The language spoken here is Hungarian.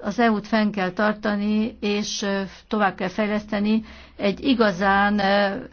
az EU-t fenn kell tartani, és tovább kell fejleszteni egy igazán